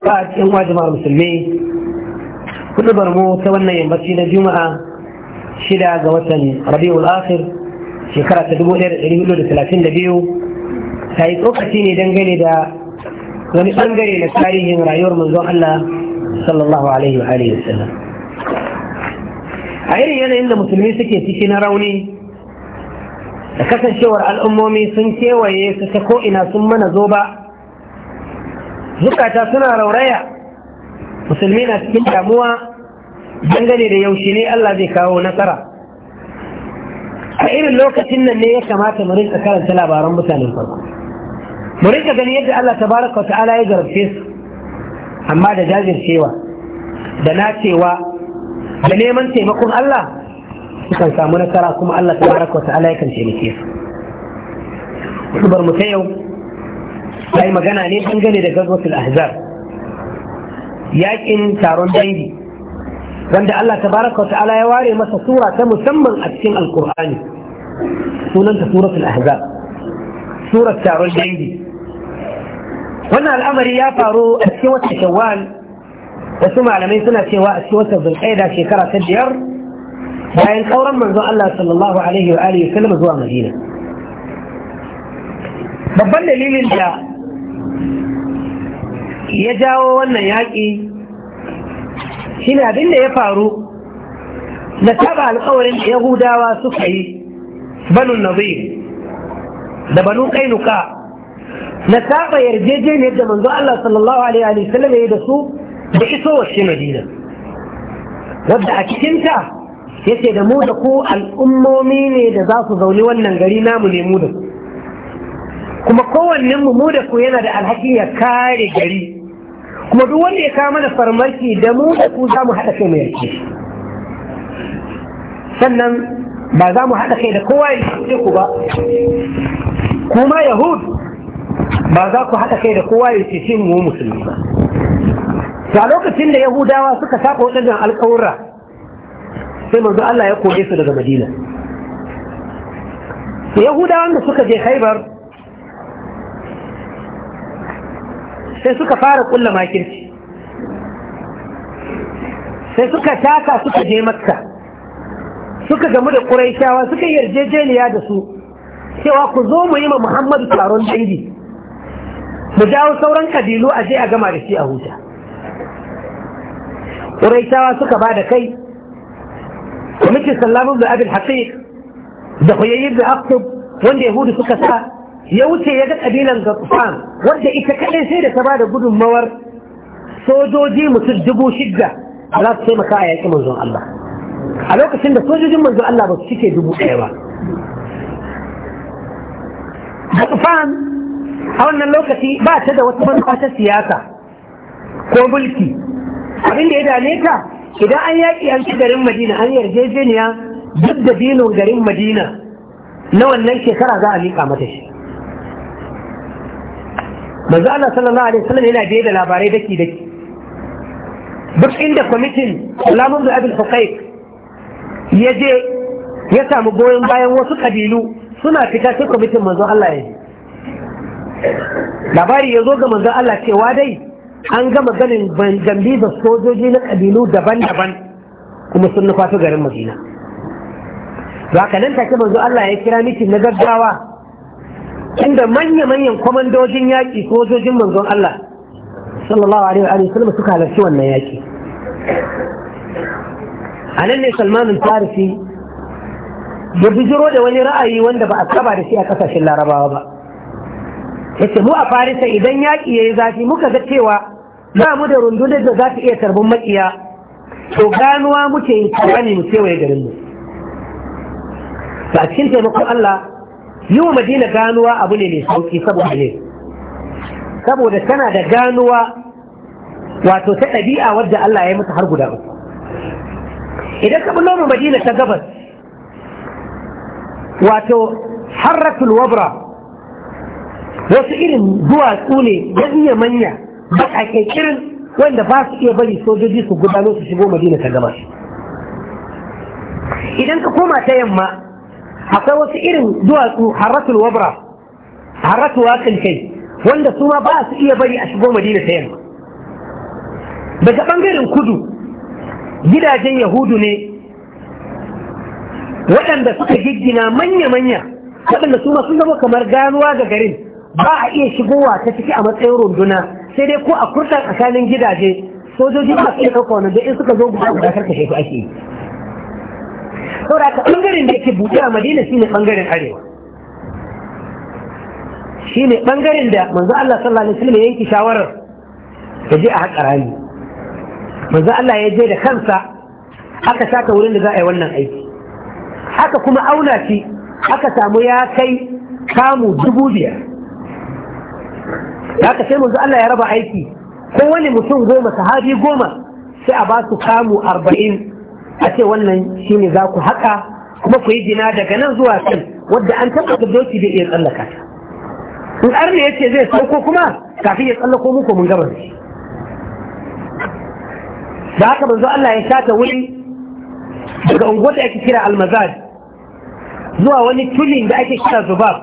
ba a cikin wajimar musulmi kudubar mu ta wannan yammaci na juma'a shida ga watan rabi'ul akhir shekara ta dubu ɗaya da da da talatin biyu, ta yi tsokaci ne dangane da wani bangare na tarihin rayuwar manzon Allah sallallahu alaihi wa alihi wasallam a irin yanayin da musulmi suke ciki na rauni da kasancewar al'ummomi sun kewaye su ta ko'ina sun mana zo ba zukata suna rauraya musulmi na cikin damuwa dangane da yaushe ne Allah zai kawo nasara a irin lokacin nan ne ya kamata mu rinka karanta labaran mutanen farko mu rinka gani yadda Allah tabaraka ta'ala ya zarfe su amma da jajircewa da nacewa da neman taimakon Allah sukan samu nasara kuma Allah tabaraka ta'ala yakan taimake su. Kubar mu ta yau ya magana ne dangane da gazwatul ahzab yakin taron dangi wanda Allah tabaraka wa ta'ala ya ware masa sura ta musamman a cikin alkur'ani sunanta suratul ahzab surat taron dangi wannan al'amari ya faru a cikin wata shawwal wasu malamai suna cewa a cikin wata zulqaida shekara ta biyar bayan kauran manzon Allah sallallahu alaihi wa alihi zuwa Madina babban dalilin da ya jawo wannan yaƙi shi ne abin da ya faru na taɓa alkawarin da yahudawa suka yi na nazir da banu kainuka na saba yarjejeniyar da manzo Allah sallallahu alaihi wa ya yi da su da iso wacce madina wadda a cikinta ya ce da mu da ku al'ummomi ne da za su zaune wannan gari namu ne mu da ku kuma kowannen mu da ku yana da alhakin ya kare gari kuma duk wanda ya kawo mana farmaki da mu da ku za mu haɗa kai mai yake sannan ba za mu haɗa kai da kowa ya ce ku ba kuma yahud ba za ku haɗa kai da kowa ya ce mu musulmi ba a lokacin da yahudawa suka saka waɗannan alƙawurra sai manzo Allah ya kore su daga madina yahudawan da suka je haibar sai suka fara kulla makirci sai suka taka suka je makka suka gamu da ƙuraishawa suka yarjejeniya da su cewa ku zo mu yi ma muhammadu taron dangi mu jawo sauran kabilu a je a gama da shi a huta ƙuraishawa suka ba da kai ke sallamun da abin haƙiƙ da kuyayyar da aktub wanda yahudu suka sa ya wuce ya ga ƙabilan Gatfan wadda ita kaɗai sai da ta ba da gudunmawar sojoji mutum dubu shidda za su taimaka a yaƙi manzon Allah a lokacin da sojojin manzon Allah ba su cike dubu ɗaya ba Gatfan a wannan lokaci ba ta da wata manufa ta siyasa ko mulki abin da ya dame ta idan an yaƙi an ci garin Madina an yarjejeniya duk da dinin garin Madina na wannan shekara za a miƙa mata shi manzo Allah sallallahu alaihi wasallam yana da da labarai daki daki duk inda kwamitin Salamun da Abin ya je ya samu goyon bayan wasu kabilu suna fita sai kwamitin manzo Allah ya labari ya zo ga manzo Allah cewa dai an gama ganin gambi da sojoji na kabilu daban-daban kuma sun nufa garin Madina. Ba ka nan take manzo Allah ya kira mitin na gaggawa inda manya-manyan kwamandojin yaƙi ko sojojin manzon Allah sallallahu alaihi wa sallam suka halarci wannan yaƙi a nan ne salmanin farisi ya bijiro da wani ra'ayi wanda ba a saba da shi a ƙasashen larabawa ba yace mu a farisa idan yaƙi yayi zafi muka ga cewa ba mu da rundunar da za ta iya tarbin makiya to ganuwa muke yi tsakani mu kewaye garin mu a cikin taimakon Allah yi wa madina ganuwa abu ne mai sauki saboda ne saboda tana da ganuwa wato ta ɗabi'a wadda Allah ya yi mata har guda uku idan ka bullo madina ta gabas wato harratul wabra wasu irin duwatsu ne manya manya baƙaƙe kirin wanda ba su iya bari sojoji su gudano su shigo madina ta gabas idan ka koma ta yamma akwai wasu irin duwatsu haratul wabra haratu wakan kai wanda su ma ba su iya bari a shigo madina ta yamma daga bangaren kudu gidajen yahudu ne waɗanda suka giggina manya-manya waɗanda su ma sun zama kamar ganuwa ga garin ba a iya shigowa ta ciki a matsayin runduna sai dai ko a kurta tsakanin gidaje sojoji ba su iya ɗauka wani da in suka zo guda guda karkashe su ake saura ka ɓangaren da yake buɗe a madina ne ɓangaren arewa shine ɓangaren da manzo Allah sallallahu alaihi wasallam yanki shawarar ya je a haƙa rami manzo Allah ya je da kansa aka saka wurin da za a yi wannan aiki aka kuma auna shi aka samu ya kai kamu dubu biyar Ya sai manzo Allah ya raba aiki kowane mutum goma sahabi goma sai a ba su kamu arba'in a ce wannan ne za ku haƙa kuma ku yi gina daga nan zuwa kai wadda an tabbata doki da iya tsallaka ta in ne ya ce zai sauko kuma kafin ya tsallako muku mun gaba shi da haka manzo Allah ya shata wuri daga unguwar da ake kira almazad zuwa wani tulin da ake kira zubab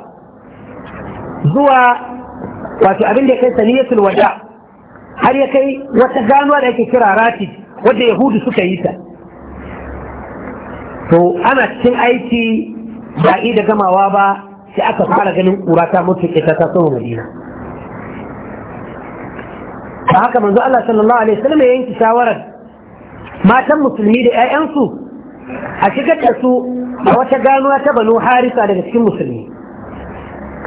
zuwa wato abin da ya kai saniyatul wada har ya kai wata ganuwa da ake kira ratid wadda yahudu suka yi ta to ana cikin aiki ba da gamawa ba sai aka fara ganin ƙura ta mutu ita ta tsohon madina ta haka manzo Allah sallallahu alaihi wasallam ya yanki shawarar matan musulmi da 'ya'yansu a shigar da su a wata ganuwa ta banu harisa daga cikin musulmi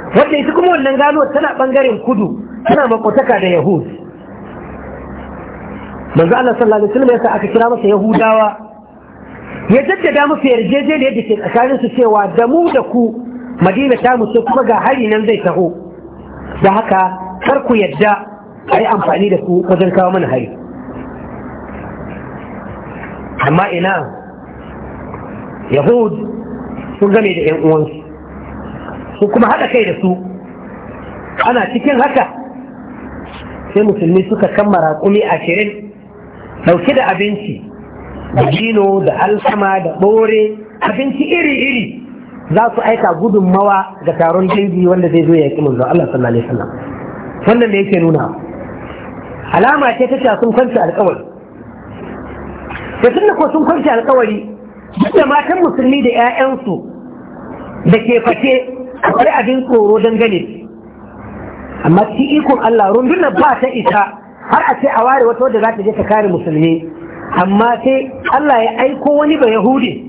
Wata ita kuma wannan ganuwar tana bangaren kudu tana makotaka da yahud manzo Allah sallallahu alaihi wasallam ya sa aka kira masa yahudawa ya jaddada mafi yarjejeniyar da ke tsakanin su cewa da mu da ku madina ta musu kuma ga hari nan zai taho da haka kar ku yadda a yi amfani da ku wajen kawo mana hari amma ina yahud sun game da 'yan uwansu su kuma haɗa kai da su ana cikin haka sai musulmi suka kammara kumi ashirin ɗauke da abinci da gino da alkama da ɓore abinci iri-iri za su aika gudunmawa ga taron jirgi wanda zai zo ya yi manzo Allah sallallahu alaihi wasallam wannan da yake nuna alama ce ta ce sun kwanci alkawari da tunda ko sun kwanci alkawari duk da matan musulmi da 'ya'yansu da ke fate akwai abin tsoro dangane amma ci ikon Allah rundunar ba ta isa har a ce a ware wata wadda za ta je ta kare musulmi amma sai Allah ya aiko wani ba Yahudi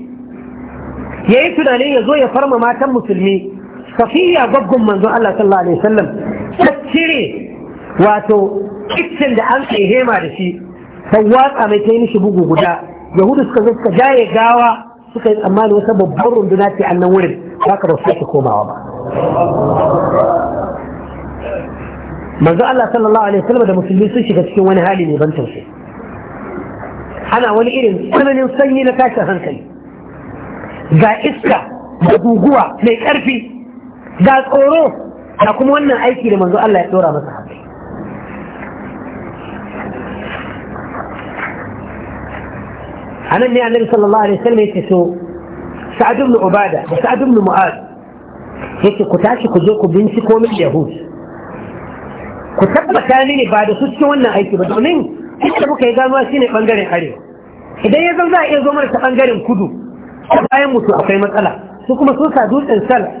ya yi tunani ya zo ya farma matan musulmi safiya gwaggon manzo Allah sallallahu alaihi wasallam ta cire wato kitchen da an kai hema da shi ta watsa mai ta yi mishi bugu guda yahudu suka zo suka jaye gawa suka yi tsammani wata babbar runduna ce a nan wurin ba ka ba su komawa ba manzo Allah sallallahu alaihi wasallam da musulmi sun shiga cikin wani hali ne ban tausayi ana wani irin tsananin sanyi na tashin hankali ga iska da guguwa mai ƙarfi ga tsoro da kuma wannan aiki da manzo Allah ya tsora masa haɗe a nan ne annabi sallallahu alaihi wasallam yake so sa'ad ibn ubada da sa'ad ibn mu'az yake ku tashi ku zo ku binciko min yahud ku tabbata ne ba da su cikin wannan aiki ba domin inda muka yi ganuwa shine bangaren arewa idan ya zama za a iya zo mana ta ɓangaren kudu bayan mutu akwai matsala su kuma sun sa dutsen sal